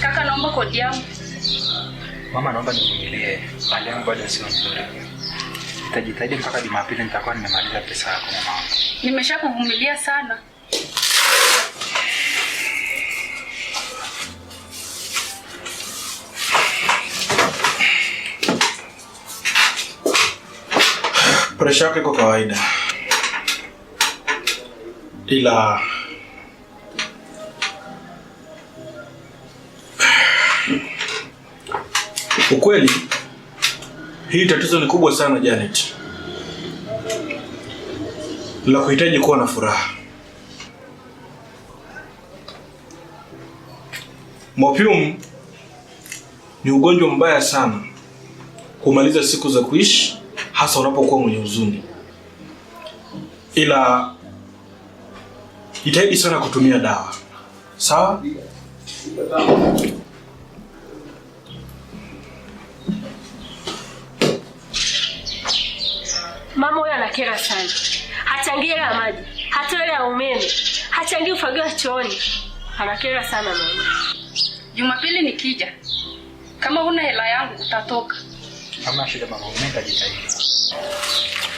Kaka, naomba kodi yangu. Mama, naomba nivumilie, hali yangu bado sio nzuri. Nitajitahidi mpaka Jumapili nitakuwa nimemaliza pesa yako mama. Nimeshakuvumilia sana Presha yako iko kawaida, ila ukweli hii tatizo ni kubwa sana Janet, la kuhitaji kuwa na furaha. Mopium ni ugonjwa mbaya sana kumaliza siku za kuishi hasa unapokuwa mwenye huzuni, ila jitahidi sana kutumia dawa sawa. Mama huyo anakera sana, hachangii hela maji, hata hela ya umeme, hachangii ufagio wa chooni. Anakera sana mama. Jumapili nikija, kama huna hela yangu utatoka. Kama shida mama, umenda jitahidi あ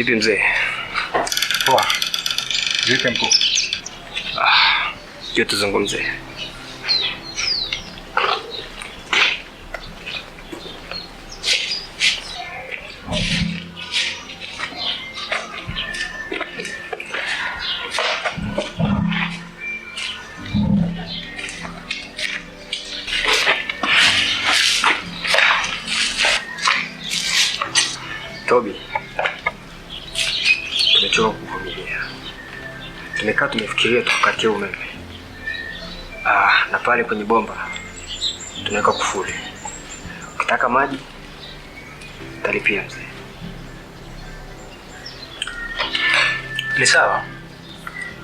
Vipi mzee? Poa. Vipi mkuu? Ah, tuzungumze. tumechoka kuvumilia. Tumekaa tumefikiria tukakatie umeme ah, na pale kwenye bomba tunaweka kufuli. Ukitaka maji talipia mzee. Ni sawa,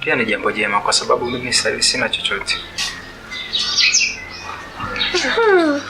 pia ni jambo jema, kwa sababu mimi sasa hivi sina chochote. Hmm.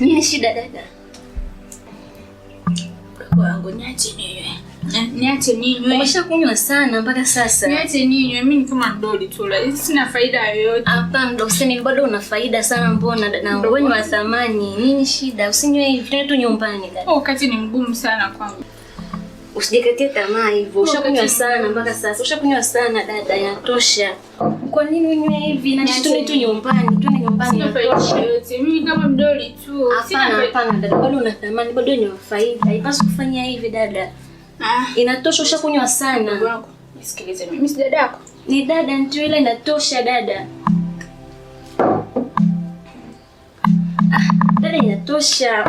Nini shida dada? Wangu niache ninywe. Eh, niache ninywe. Umeshakunywa sana mpaka sasa. Niache ninywe. Mimi ni kama ndoli tu. Sina faida yoyote. Hapana, ndo useme bado una faida sana mbona na wewe ni wa thamani. Nini shida? Usinywe hivi tu nyumbani dada. Oh, wakati ni mgumu sana kwangu. Usijikatie tamaa hivyo. Ushakunywa sana mpaka sasa. Ushakunywa sana dada, yatosha. Kwa nini unywe hivi? Na sisi tu nyumbani, tuni nyumbani. Sina faida yote. Mimi kama mdoli tu. Hapana, hapana dada. Bado una thamani, bado ni faida. Haipaswi kufanya hivi dada. Ah. Inatosha, ushakunywa sana. Nisikilize mimi. Mimi si dada yako. Ni dada ndio ile inatosha dada. Ah, dada inatosha.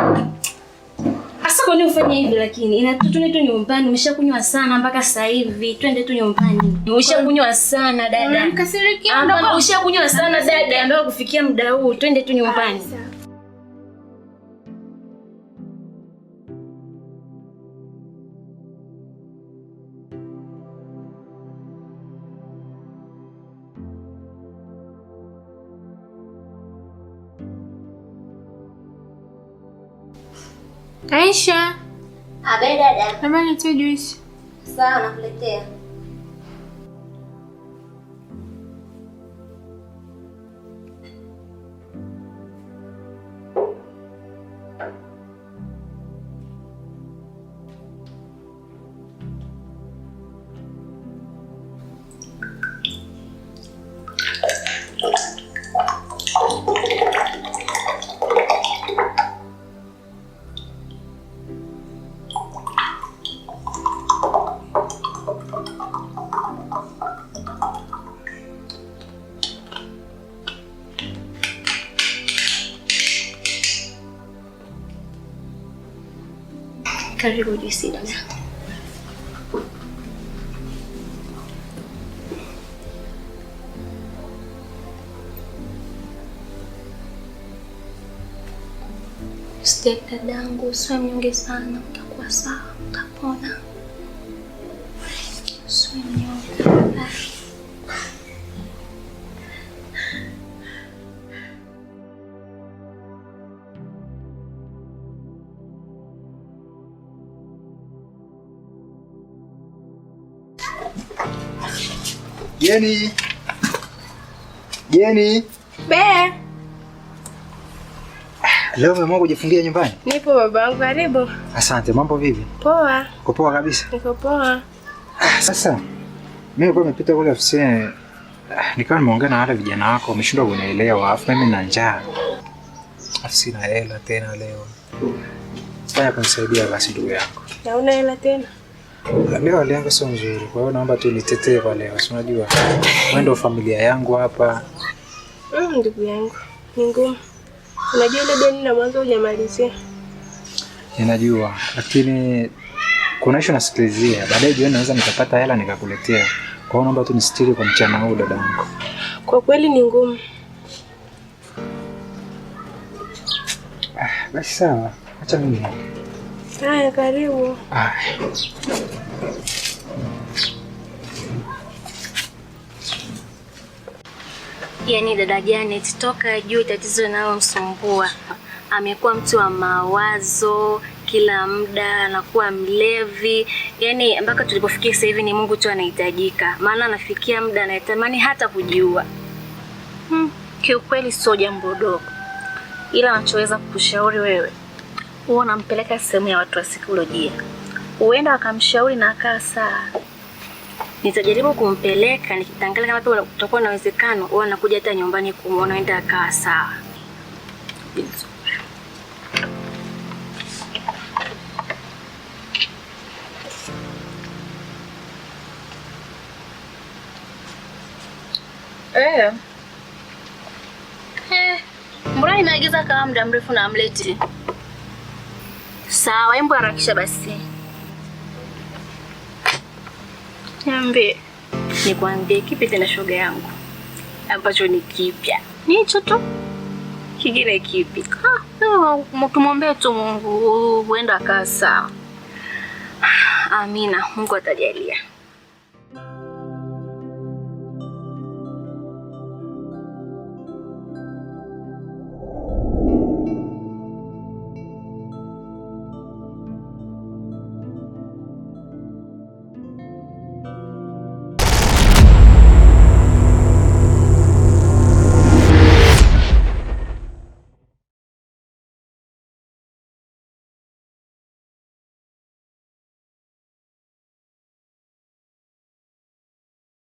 Asa kwa nini ufanye hivi lakini? Ina tutuni tu nyumbani, umeshakunywa sana mpaka sasa hivi. Twende tu nyumbani. Umeshakunywa sana dada. Mkasirikia. Umeshakunywa sana dada, ndio kufikia muda huu. Twende tu nyumbani. Ah, Aisha. Abeda dada. Naomba nitoe juisi. Sawa, nakuletea. Karibu Joyce dada. Usijali dadangu, usiwe mnyonge sana, utakuwa sawa, utapona. Jeni. Jeni. Be. Leo umeamua kujifungia nyumbani? Nipo baba yangu, karibu. Asante, mambo vipi? Poa. Uko poa kabisa? Niko poa. Ah, sasa mimi nilikuwa nimepita kule ofisini ah, nikawa nimeongea na wale vijana wako wameshindwa kunielewa, afu mimi na njaa. Afu sina hela tena leo. Fanya kunisaidia basi ndugu yangu. Na hela tena? Leo hali yangu sio nzuri, kwa hiyo naomba tu nitetee kwa leo, si unajua wendo familia yangu hapa. Mm, ndugu yangu ni ngumu, unajua ile deni la mwanzo hujamalizia. Ninajua, lakini kuna issue nasikilizia, baadaye jioni naweza nikapata hela nikakuletea. Kwa hiyo naomba tu nisitiri kwa mchana huu, yangu. Kwa kweli ni ngumu. Ah, basi sawa, acha mimi Haya, karibu. Haya. Yaani dada Janet, toka juu tatizo linalomsumbua amekuwa mtu wa mawazo kila muda anakuwa mlevi, yaani mpaka tulipofikia sasa hivi ni Mungu tu anahitajika, maana anafikia muda anayetamani hata kujiua. Hmm, kiukweli sio jambo dogo, ila anachoweza kukushauri wewe huwa anampeleka sehemu ya watu wa sikolojia, huenda wakamshauri na akaa sawa. Nitajaribu kumpeleka nikitangaza kama pia kutakuwa na uwezekano huwa anakuja hata nyumbani kumwona, huenda akaa sawa. Eh. Eh. Mbona inaagiza kama muda mrefu na amleti Sawa, hebu harakisha basi. Niambie, nikwambie kipi tena shoga yangu ambacho ni kipya? Ni hicho tu, kingine kipi? Tumwombee ah, tu Mungu, huenda akawa sawa. Ah, amina, Mungu atajalia.